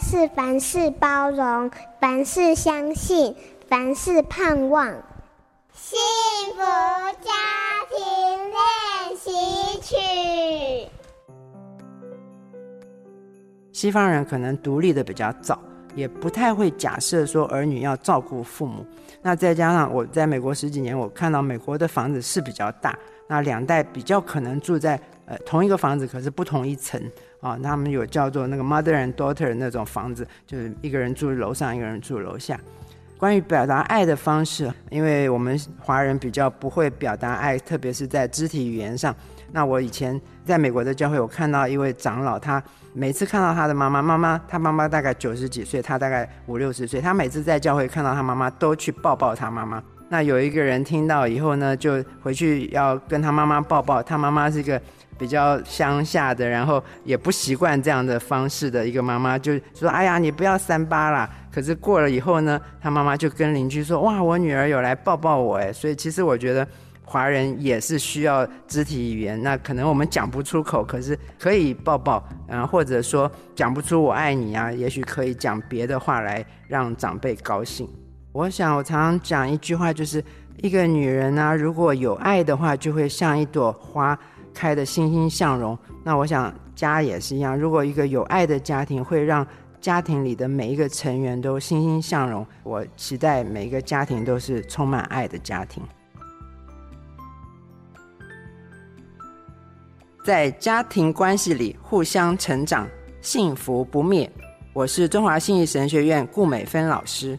是凡事包容，凡事相信，凡事盼望。幸福家庭練習曲。西方人可能獨立的比較早。也不太會假設說兒女要照顧父母，那再加上我在美國十幾年，我看到美國的房子是比較大，那兩代比較可能住在呃同一個房子，可是不同一層啊，哦，他們有叫做那個 mother and daughter 那種房子，就是一個人住樓上，一個人住樓下。關於表達愛的方式，因為我們華人比較不會表達愛，特別是在肢體語言上。那我以前在美國的教會，我看到一位長老，他每次看到他的媽媽，媽媽他媽媽大概九十幾歲，他大概五六十歲，他每次在教會看到他媽媽，都去抱抱他媽媽。那有一個人聽到以後呢，就回去要跟他媽媽抱抱，他媽媽是一個比較鄉下的，然後也不習慣這樣的方式的一個媽媽，就說：“哎呀，你不要三八啦。”可是過了以後呢，她媽媽就跟鄰居說：“哇，我女兒有來抱抱我哎。”所以其實我覺得華人也是需要肢體語言。那可能我們講不出口，可是可以抱抱，嗯，或者說講不出“我愛你”啊，也許可以講別的話來讓長輩高興。我想，我常常講一句話，就是一個女人啊，如果有愛的話，就會像一朵花。開的欣欣向榮，那我想家也是一樣。如果一個有愛的家庭，會讓家庭裡的每一個成員都欣欣向榮。我期待每一個家庭都是充滿愛的家庭，在家庭關係裡互相成長，幸福不滅。我是中華新義神學院顧美芬老師。